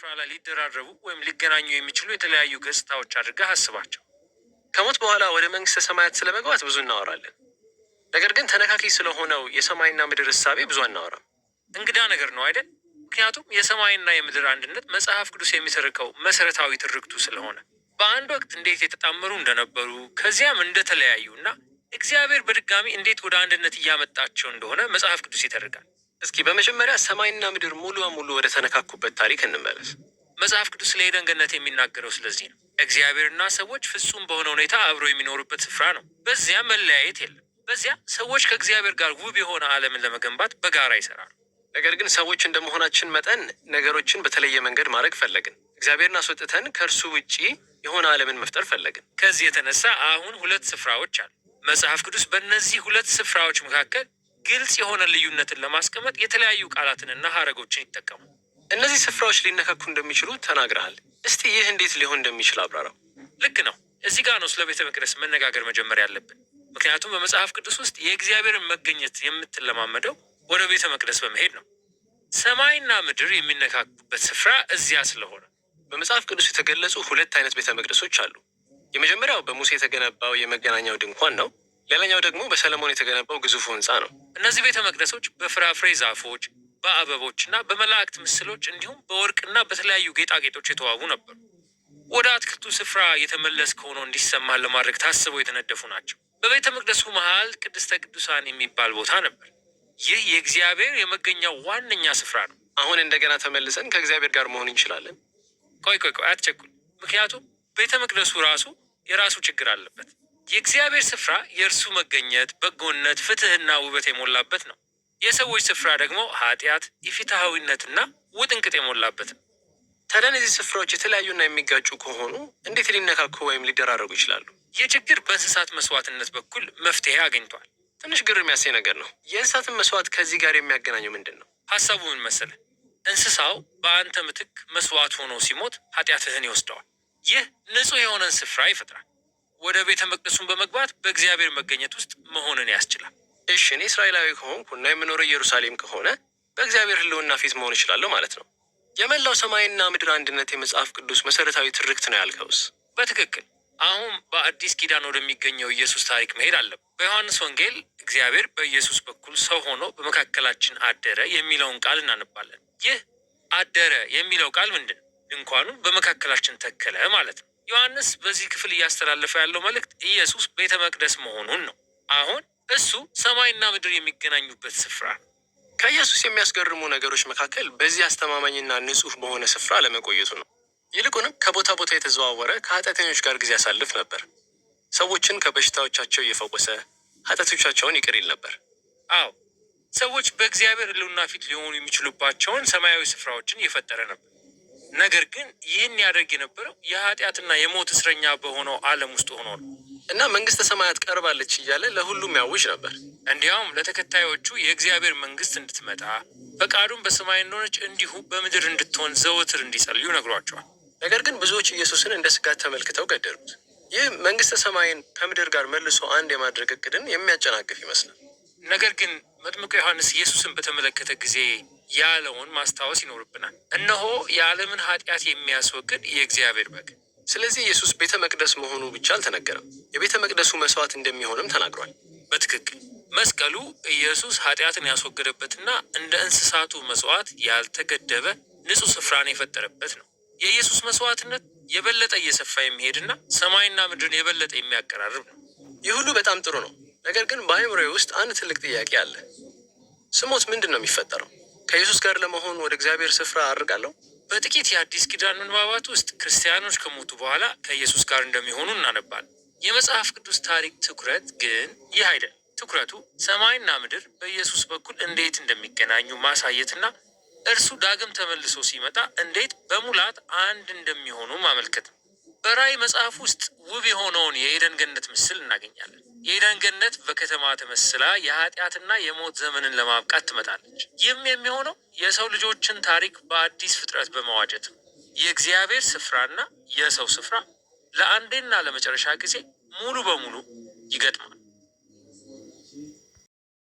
ስራ ላይ ሊደራረቡ ወይም ሊገናኙ የሚችሉ የተለያዩ ገጽታዎች አድርገህ አስባቸው። ከሞት በኋላ ወደ መንግስተ ሰማያት ስለመግባት ብዙ እናወራለን። ነገር ግን ተነካኪ ስለሆነው የሰማይና ምድር እሳቤ ብዙ አናወራም። እንግዳ ነገር ነው አይደል? ምክንያቱም የሰማይና የምድር አንድነት መጽሐፍ ቅዱስ የሚተርከው መሰረታዊ ትርክቱ ስለሆነ በአንድ ወቅት እንዴት የተጣመሩ እንደነበሩ ከዚያም እንደተለያዩ እና እግዚአብሔር በድጋሚ እንዴት ወደ አንድነት እያመጣቸው እንደሆነ መጽሐፍ ቅዱስ ይተርካል። እስኪ በመጀመሪያ ሰማይና ምድር ሙሉ በሙሉ ወደ ተነካኩበት ታሪክ እንመለስ። መጽሐፍ ቅዱስ ስለ ኤደን ገነት የሚናገረው ስለዚህ ነው። እግዚአብሔርና ሰዎች ፍጹም በሆነ ሁኔታ አብረው የሚኖሩበት ስፍራ ነው። በዚያ መለያየት የለም። በዚያ ሰዎች ከእግዚአብሔር ጋር ውብ የሆነ ዓለምን ለመገንባት በጋራ ይሰራሉ። ነገር ግን ሰዎች እንደመሆናችን መጠን ነገሮችን በተለየ መንገድ ማድረግ ፈለግን። እግዚአብሔርን አስወጥተን ከእርሱ ውጪ የሆነ ዓለምን መፍጠር ፈለግን። ከዚህ የተነሳ አሁን ሁለት ስፍራዎች አሉ። መጽሐፍ ቅዱስ በእነዚህ ሁለት ስፍራዎች መካከል ግልጽ የሆነ ልዩነትን ለማስቀመጥ የተለያዩ ቃላትንና ሀረጎችን ይጠቀሙ። እነዚህ ስፍራዎች ሊነካኩ እንደሚችሉ ተናግረሃል። እስቲ ይህ እንዴት ሊሆን እንደሚችል አብራራው። ልክ ነው። እዚህ ጋር ነው ስለ ቤተ መቅደስ መነጋገር መጀመሪያ ያለብን። ምክንያቱም በመጽሐፍ ቅዱስ ውስጥ የእግዚአብሔርን መገኘት የምትለማመደው ወደ ቤተ መቅደስ በመሄድ ነው። ሰማይና ምድር የሚነካኩበት ስፍራ እዚያ ስለሆነ በመጽሐፍ ቅዱስ የተገለጹ ሁለት አይነት ቤተ መቅደሶች አሉ። የመጀመሪያው በሙሴ የተገነባው የመገናኛው ድንኳን ነው። ሌላኛው ደግሞ በሰለሞን የተገነባው ግዙፉ ህንፃ ነው። እነዚህ ቤተ መቅደሶች በፍራፍሬ ዛፎች፣ በአበቦች እና በመላእክት ምስሎች እንዲሁም በወርቅና በተለያዩ ጌጣጌጦች የተዋቡ ነበሩ። ወደ አትክልቱ ስፍራ የተመለስ ከሆነው እንዲሰማ ለማድረግ ታስበው የተነደፉ ናቸው። በቤተ መቅደሱ መሃል ቅድስተ ቅዱሳን የሚባል ቦታ ነበር። ይህ የእግዚአብሔር የመገኛው ዋነኛ ስፍራ ነው። አሁን እንደገና ተመልሰን ከእግዚአብሔር ጋር መሆን እንችላለን። ቆይ ቆይ ቆይ፣ አትቸኩል። ምክንያቱም ቤተ መቅደሱ ራሱ የራሱ ችግር አለበት። የእግዚአብሔር ስፍራ የእርሱ መገኘት በጎነት፣ ፍትህና ውበት የሞላበት ነው። የሰዎች ስፍራ ደግሞ ኃጢአት፣ የፍትሐዊነትና ውጥንቅጥ የሞላበት ነው። ታዲያ እነዚህ ስፍራዎች የተለያዩና የሚጋጩ ከሆኑ እንዴት ሊነካኩ ወይም ሊደራረጉ ይችላሉ? የችግር በእንስሳት መስዋዕትነት በኩል መፍትሄ አግኝቷል። ትንሽ ግር የሚያሳይ ነገር ነው። የእንስሳትን መስዋዕት ከዚህ ጋር የሚያገናኘው ምንድን ነው? ሀሳቡ ምን መሰለህ? እንስሳው በአንተ ምትክ መስዋዕት ሆኖ ሲሞት ኃጢአትህን ይወስደዋል። ይህ ንጹህ የሆነን ስፍራ ይፈጥራል። ወደ ቤተ መቅደሱን በመግባት በእግዚአብሔር መገኘት ውስጥ መሆንን ያስችላል። እሺ እኔ እስራኤላዊ ከሆንኩና የምኖረው ኢየሩሳሌም ከሆነ በእግዚአብሔር ሕልውና ፊት መሆን እችላለሁ ማለት ነው። የመላው ሰማይና ምድር አንድነት የመጽሐፍ ቅዱስ መሰረታዊ ትርክት ነው ያልከውስ በትክክል አሁን በአዲስ ኪዳን ወደሚገኘው ኢየሱስ ታሪክ መሄድ አለብን። በዮሐንስ ወንጌል እግዚአብሔር በኢየሱስ በኩል ሰው ሆኖ በመካከላችን አደረ የሚለውን ቃል እናነባለን። ይህ አደረ የሚለው ቃል ምንድን ድንኳኑን በመካከላችን ተከለ ማለት ነው። ዮሐንስ በዚህ ክፍል እያስተላለፈ ያለው መልእክት ኢየሱስ ቤተ መቅደስ መሆኑን ነው። አሁን እሱ ሰማይና ምድር የሚገናኙበት ስፍራ ነው። ከኢየሱስ የሚያስገርሙ ነገሮች መካከል በዚህ አስተማማኝና ንጹህ በሆነ ስፍራ ለመቆየቱ ነው። ይልቁንም ከቦታ ቦታ የተዘዋወረ ከኃጢአተኞች ጋር ጊዜ ያሳልፍ ነበር። ሰዎችን ከበሽታዎቻቸው እየፈወሰ ኃጢአቶቻቸውን ይቅር ይል ነበር። አዎ ሰዎች በእግዚአብሔር ሕልውና ፊት ሊሆኑ የሚችሉባቸውን ሰማያዊ ስፍራዎችን እየፈጠረ ነበር። ነገር ግን ይህን ያደርግ የነበረው የኃጢአትና የሞት እስረኛ በሆነው ዓለም ውስጥ ሆኖ ነው እና መንግስተ ሰማያት ቀርባለች እያለ ለሁሉም ያውጅ ነበር። እንዲያውም ለተከታዮቹ የእግዚአብሔር መንግስት እንድትመጣ ፈቃዱን በሰማይ እንደሆነች እንዲሁ በምድር እንድትሆን ዘወትር እንዲጸልዩ ነግሯቸዋል። ነገር ግን ብዙዎች ኢየሱስን እንደ ስጋት ተመልክተው ገደሉት። ይህ መንግስተ ሰማይን ከምድር ጋር መልሶ አንድ የማድረግ እቅድን የሚያጨናግፍ ይመስላል። ነገር ግን መጥምቁ ዮሐንስ ኢየሱስን በተመለከተ ጊዜ ያለውን ማስታወስ ይኖርብናል። እነሆ የዓለምን ኃጢአት የሚያስወግድ የእግዚአብሔር በግ። ስለዚህ ኢየሱስ ቤተ መቅደስ መሆኑ ብቻ አልተነገረም፣ የቤተ መቅደሱ መስዋዕት እንደሚሆንም ተናግሯል። በትክክል መስቀሉ ኢየሱስ ኃጢአትን ያስወገደበትና እንደ እንስሳቱ መስዋዕት ያልተገደበ ንጹሕ ስፍራን የፈጠረበት ነው። የኢየሱስ መስዋዕትነት የበለጠ እየሰፋ የሚሄድና ሰማይና ምድርን የበለጠ የሚያቀራርብ ነው። ይህ ሁሉ በጣም ጥሩ ነው። ነገር ግን በአእምሮዬ ውስጥ አንድ ትልቅ ጥያቄ አለ። ስሞት ምንድን ነው የሚፈጠረው? ከኢየሱስ ጋር ለመሆን ወደ እግዚአብሔር ስፍራ አድርጋለሁ። በጥቂት የአዲስ ኪዳን ምንባባት ውስጥ ክርስቲያኖች ከሞቱ በኋላ ከኢየሱስ ጋር እንደሚሆኑ እናነባለን። የመጽሐፍ ቅዱስ ታሪክ ትኩረት ግን ይህ አይደል። ትኩረቱ ሰማይና ምድር በኢየሱስ በኩል እንዴት እንደሚገናኙ ማሳየትና እርሱ ዳግም ተመልሶ ሲመጣ እንዴት በሙላት አንድ እንደሚሆኑ ማመልከት ነው። በራእይ መጽሐፍ ውስጥ ውብ የሆነውን የኤደን ገነት ምስል እናገኛለን። የኤደን ገነት በከተማ ተመስላ የኃጢአትና የሞት ዘመንን ለማብቃት ትመጣለች። ይህም የሚሆነው የሰው ልጆችን ታሪክ በአዲስ ፍጥረት በመዋጀት ነው። የእግዚአብሔር ስፍራና የሰው ስፍራ ለአንዴና ለመጨረሻ ጊዜ ሙሉ በሙሉ ይገጥማል።